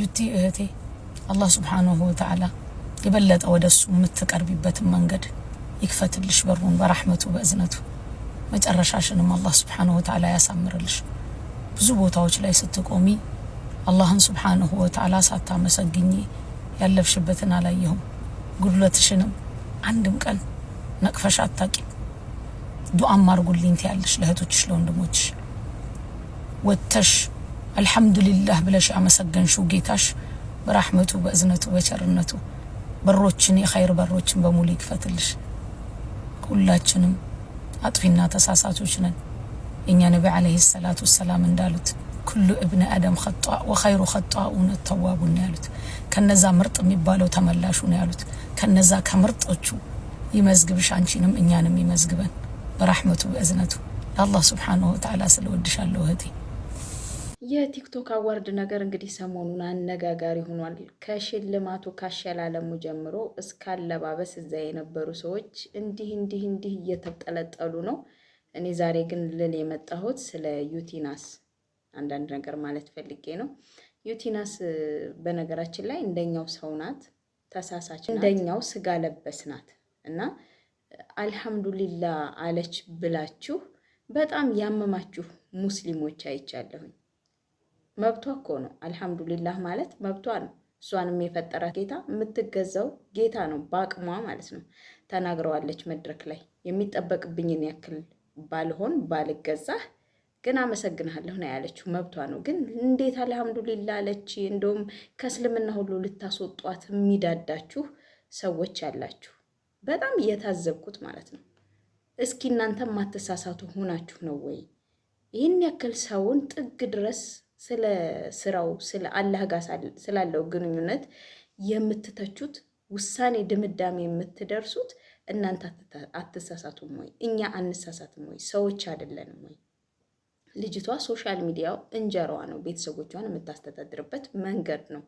ዩቲ እህቴ አላህ ስብሓንሁ ወተዓላ የበለጠ ወደ እሱ የምትቀርቢበትን መንገድ ይክፈትልሽ በሩን በራህመቱ በእዝነቱ መጨረሻሽንም አላህ ስብሓንሁ ወተዓላ ያሳምርልሽ። ብዙ ቦታዎች ላይ ስትቆሚ አላህን ስብሓንሁ ወተዓላ ሳታመሰግኝ ያለፍሽበትን አላየሁም። ጉድለትሽንም አንድም ቀን ነቅፈሽ አታቂም። ዱአም አርጉልኝ ትያለሽ ለእህቶችሽ ለወንድሞችሽ ወጥተሽ አልሐምዱሊላህ ብለሽ አመሰገንሽው ጌታሽ በራህመቱ በእዝነቱ በቸርነቱ በሮችን የኸይር በሮችን በሙሉ ይክፈትልሽ። ሁላችንም አጥፊና ተሳሳቶች ነን። የእኛ ነቢ ዓለይሂ ሰላቱ ወሰላም እንዳሉት ኩሉ እብነ አደም ኸጧ ወኸይሩ ኸጧኡን ተዋቡ ነው ያሉት። ከነዛ ምርጥ የሚባለው ተመላሹ ነው ያሉት። ከነዛ ከምርጦቹ ይመዝግብሽ፣ አንቺንም እኛንም ይመዝግበን በራህመቱ በእዝነቱ። ለአላህ ስብሓነሁ ወተዓላ ስለወድሻለሁ እህቴ የቲክቶክ አዋርድ ነገር እንግዲህ ሰሞኑን አነጋጋሪ ሆኗል። ከሽልማቱ ካሸላለሙ ጀምሮ እስከ አለባበስ እዛ የነበሩ ሰዎች እንዲህ እንዲህ እንዲህ እየተጠለጠሉ ነው። እኔ ዛሬ ግን ልል የመጣሁት ስለ ዩቲናስ አንዳንድ ነገር ማለት ፈልጌ ነው። ዩቲናስ በነገራችን ላይ እንደኛው ሰው ናት፣ ተሳሳች እንደኛው ስጋ ለበስ ናት እና አልሐምዱሊላ አለች ብላችሁ በጣም ያመማችሁ ሙስሊሞች አይቻለሁኝ። መብቷ እኮ ነው። አልሐምዱሊላህ ማለት መብቷ ነው። እሷንም የፈጠረ ጌታ የምትገዛው ጌታ ነው፣ በአቅሟ ማለት ነው። ተናግረዋለች መድረክ ላይ የሚጠበቅብኝን ያክል ባልሆን ባልገዛህ ግን አመሰግናለሁ ነው ያለችው። መብቷ ነው። ግን እንዴት አልሐምዱሊላ አለች። እንደውም ከእስልምና ሁሉ ልታስወጧት የሚዳዳችሁ ሰዎች ያላችሁ በጣም እየታዘብኩት ማለት ነው። እስኪ እናንተ ማተሳሳቱ ሆናችሁ ነው ወይ ይህን ያክል ሰውን ጥግ ድረስ ስለ ስራው ስለ አላህ ጋር ስላለው ግንኙነት የምትተቹት ውሳኔ ድምዳሜ የምትደርሱት እናንተ አትሳሳቱም ወይ? እኛ አንሳሳትም ወይ? ሰዎች አይደለንም ወይ? ልጅቷ ሶሻል ሚዲያው እንጀራዋ ነው፣ ቤተሰቦቿን የምታስተዳድርበት መንገድ ነው።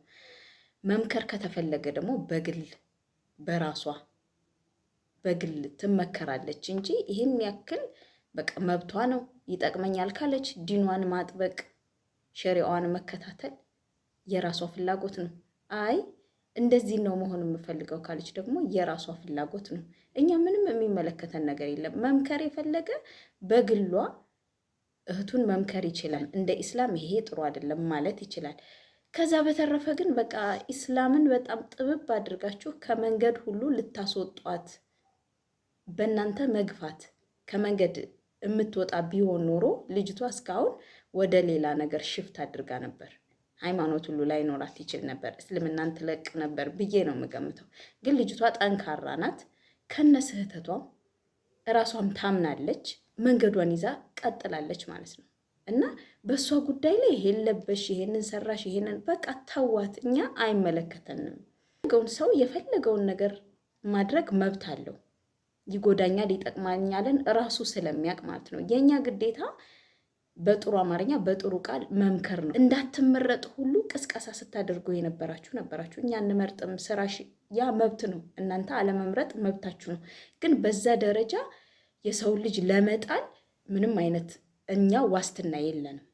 መምከር ከተፈለገ ደግሞ በግል በራሷ በግል ትመከራለች እንጂ ይህን ያክል በቃ መብቷ ነው። ይጠቅመኛል ካለች ዲኗን ማጥበቅ ሸሪዓዋን መከታተል የራሷ ፍላጎት ነው። አይ እንደዚህ ነው መሆን የምፈልገው ካለች ደግሞ የራሷ ፍላጎት ነው። እኛ ምንም የሚመለከተን ነገር የለም። መምከር የፈለገ በግሏ እህቱን መምከር ይችላል። እንደ ኢስላም ይሄ ጥሩ አይደለም ማለት ይችላል። ከዛ በተረፈ ግን በቃ ኢስላምን በጣም ጥብብ አድርጋችሁ ከመንገድ ሁሉ ልታስወጧት በእናንተ መግፋት ከመንገድ የምትወጣ ቢሆን ኖሮ ልጅቷ እስካሁን ወደ ሌላ ነገር ሽፍት አድርጋ ነበር። ሃይማኖት ሁሉ ላይኖራት ይችል ነበር። እስልምናን ትለቅ ነበር ብዬ ነው የምገምተው። ግን ልጅቷ ጠንካራ ናት። ከነ ስህተቷ እራሷም ታምናለች። መንገዷን ይዛ ቀጥላለች ማለት ነው። እና በእሷ ጉዳይ ላይ ይሄን ለበሽ፣ ይሄንን ሰራሽ፣ ይሄንን በቃ ታዋት፣ እኛ አይመለከተንም። ገውን ሰው የፈለገውን ነገር ማድረግ መብት አለው። ይጎዳኛል፣ ይጠቅማኛለን እራሱ ስለሚያውቅ ማለት ነው። የእኛ ግዴታ በጥሩ አማርኛ በጥሩ ቃል መምከር ነው። እንዳትመረጥ ሁሉ ቅስቀሳ ስታደርጉ የነበራችሁ ነበራችሁ። እኛ እንመርጥም ስራሽ፣ ያ መብት ነው። እናንተ አለመምረጥ መብታችሁ ነው። ግን በዛ ደረጃ የሰው ልጅ ለመጣል ምንም አይነት እኛ ዋስትና የለንም።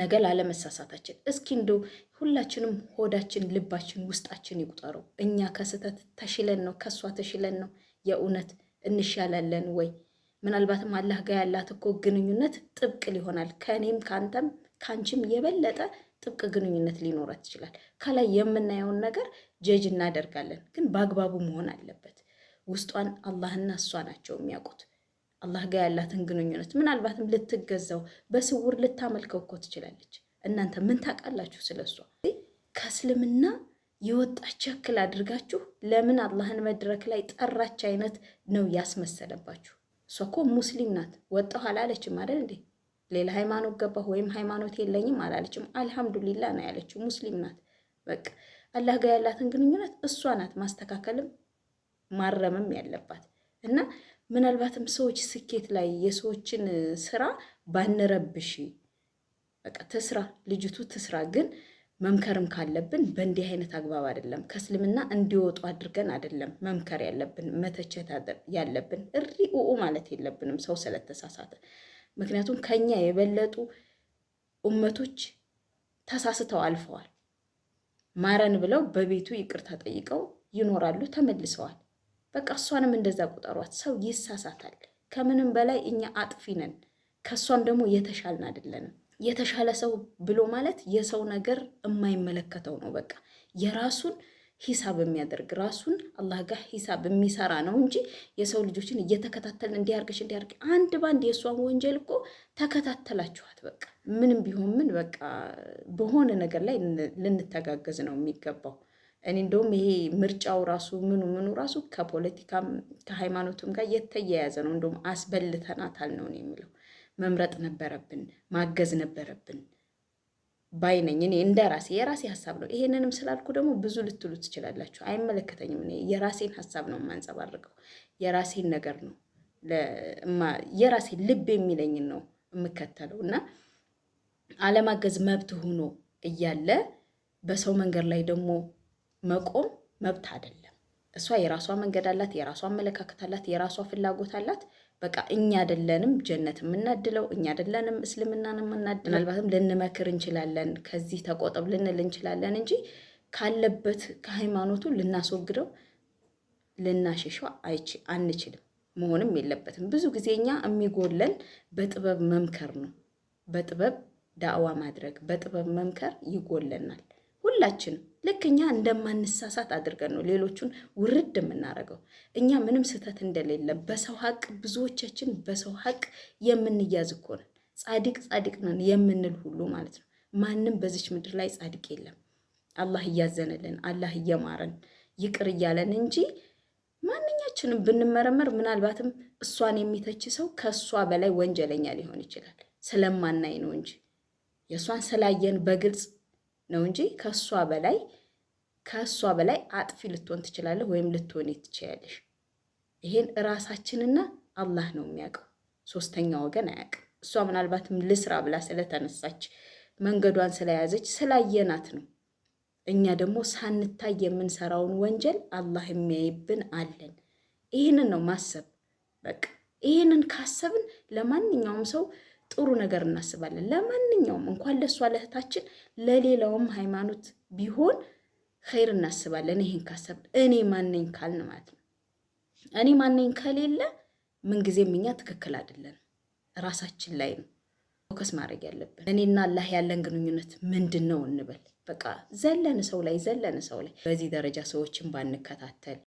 ነገ ላለመሳሳታችን እስኪ እንደው ሁላችንም ሆዳችን፣ ልባችን፣ ውስጣችን ይቁጠረው። እኛ ከስህተት ተሽለን ነው ከእሷ ተሽለን ነው የእውነት እንሻላለን ወይ? ምናልባትም አላህ ጋር ያላት እኮ ግንኙነት ጥብቅ ሊሆናል። ከእኔም ከአንተም ከአንቺም የበለጠ ጥብቅ ግንኙነት ሊኖራት ይችላል። ከላይ የምናየውን ነገር ጀጅ እናደርጋለን፣ ግን በአግባቡ መሆን አለበት። ውስጧን አላህና እሷ ናቸው የሚያውቁት። አላህ ጋር ያላትን ግንኙነት ምናልባትም ልትገዛው በስውር ልታመልከው እኮ ትችላለች። እናንተ ምን ታውቃላችሁ ስለ እሷ? ከእስልምና የወጣች ያክል አድርጋችሁ ለምን አላህን መድረክ ላይ ጠራች አይነት ነው ያስመሰለባችሁ። እሷ እኮ ሙስሊም ናት። ወጣሁ አላለችም አይደል እንዴ? ሌላ ሃይማኖት ገባሁ ወይም ሃይማኖት የለኝም አላለችም። አልሐምዱሊላ ነው ያለችው። ሙስሊም ናት። በቃ አላህ ጋር ያላትን ግንኙነት እሷ ናት ማስተካከልም ማረምም ያለባት እና ምናልባትም ሰዎች ስኬት ላይ የሰዎችን ስራ ባንረብሽ፣ በቃ ትስራ ልጅቱ ትስራ ግን መምከርም ካለብን በእንዲህ አይነት አግባብ አይደለም። ከእስልምና እንዲወጡ አድርገን አይደለም መምከር ያለብን መተቸት ያለብን ኡኡ ማለት የለብንም ሰው ስለተሳሳተ። ምክንያቱም ከኛ የበለጡ እመቶች ተሳስተው አልፈዋል። ማረን ብለው በቤቱ ይቅርታ ጠይቀው ይኖራሉ፣ ተመልሰዋል። በቃ እሷንም እንደዛ ቁጠሯት። ሰው ይሳሳታል። ከምንም በላይ እኛ አጥፊ ነን፣ ከእሷም ደግሞ የተሻልን አይደለንም። የተሻለ ሰው ብሎ ማለት የሰው ነገር የማይመለከተው ነው። በቃ የራሱን ሂሳብ የሚያደርግ ራሱን አላህ ጋር ሂሳብ የሚሰራ ነው እንጂ የሰው ልጆችን እየተከታተልን እንዲያርገሽ እንዲያርግ አንድ ባንድ የእሷን ወንጀል እኮ ተከታተላችኋት። በቃ ምንም ቢሆን ምን በቃ በሆነ ነገር ላይ ልንተጋገዝ ነው የሚገባው። እኔ እንደውም ይሄ ምርጫው ራሱ ምኑ ምኑ ራሱ ከፖለቲካም ከሃይማኖትም ጋር የተያያዘ ነው። እንደውም አስበልተናታል ነው የሚለው። መምረጥ ነበረብን፣ ማገዝ ነበረብን ባይ ነኝ እኔ እንደ ራሴ የራሴ ሀሳብ ነው። ይሄንንም ስላልኩ ደግሞ ብዙ ልትሉ ትችላላችሁ። አይመለከተኝም። እኔ የራሴን ሀሳብ ነው የማንጸባርቀው። የራሴን ነገር ነው የራሴ ልብ የሚለኝን ነው የምከተለው እና አለማገዝ መብት ሆኖ እያለ በሰው መንገድ ላይ ደግሞ መቆም መብት አይደለም። እሷ የራሷ መንገድ አላት፣ የራሷ አመለካከት አላት፣ የራሷ ፍላጎት አላት። በቃ እኛ አይደለንም ጀነት የምናድለው፣ እኛ አይደለንም እስልምናን የምናድለው። ምናልባትም ልንመክር እንችላለን፣ ከዚህ ተቆጠብ ልንል እንችላለን እንጂ ካለበት ከሃይማኖቱ ልናስወግደው ልናሸሸው አንችልም። መሆንም የለበትም። ብዙ ጊዜ እኛ የሚጎለን በጥበብ መምከር ነው። በጥበብ ዳዕዋ ማድረግ፣ በጥበብ መምከር ይጎለናል ሁላችንም። ልክ እኛ እንደማንሳሳት አድርገን ነው ሌሎቹን ውርድ የምናደርገው። እኛ ምንም ስህተት እንደሌለ በሰው ሀቅ ብዙዎቻችን በሰው ሀቅ የምንያዝ እኮ ነን። ጻድቅ ጻድቅ ነን የምንል ሁሉ ማለት ነው። ማንም በዚች ምድር ላይ ጻድቅ የለም። አላህ እያዘነልን፣ አላህ እየማረን ይቅር እያለን እንጂ ማንኛችንም ብንመረመር ምናልባትም እሷን የሚተች ሰው ከእሷ በላይ ወንጀለኛ ሊሆን ይችላል። ስለማናይ ነው እንጂ የእሷን ስላየን በግልጽ ነው እንጂ ከእሷ በላይ ከእሷ በላይ አጥፊ ልትሆን ትችላለህ ወይም ልትሆን ትችላለሽ። ይሄን እራሳችንና አላህ ነው የሚያውቀው፣ ሶስተኛ ወገን አያውቅም። እሷ ምናልባትም ልስራ ብላ ስለተነሳች መንገዷን ስለያዘች ስላየናት ነው። እኛ ደግሞ ሳንታይ የምንሰራውን ወንጀል አላህ የሚያይብን አለን። ይህንን ነው ማሰብ። በቃ ይህንን ካሰብን ለማንኛውም ሰው ጥሩ ነገር እናስባለን። ለማንኛውም እንኳን ለእሷ ለእህታችን ለሌላውም ሃይማኖት ቢሆን ኸይር እናስባለን። ይህን ካሰብ እኔ ማነኝ ካልን ማለት ነው። እኔ ማነኝ ከሌለ ምንጊዜም እኛ ትክክል አይደለን፣ ራሳችን ላይ ነው ፎከስ ማድረግ ያለብን። እኔና አላህ ያለን ግንኙነት ምንድን ነው እንበል። በቃ ዘለን ሰው ላይ ዘለን ሰው ላይ በዚህ ደረጃ ሰዎችን ባንከታተል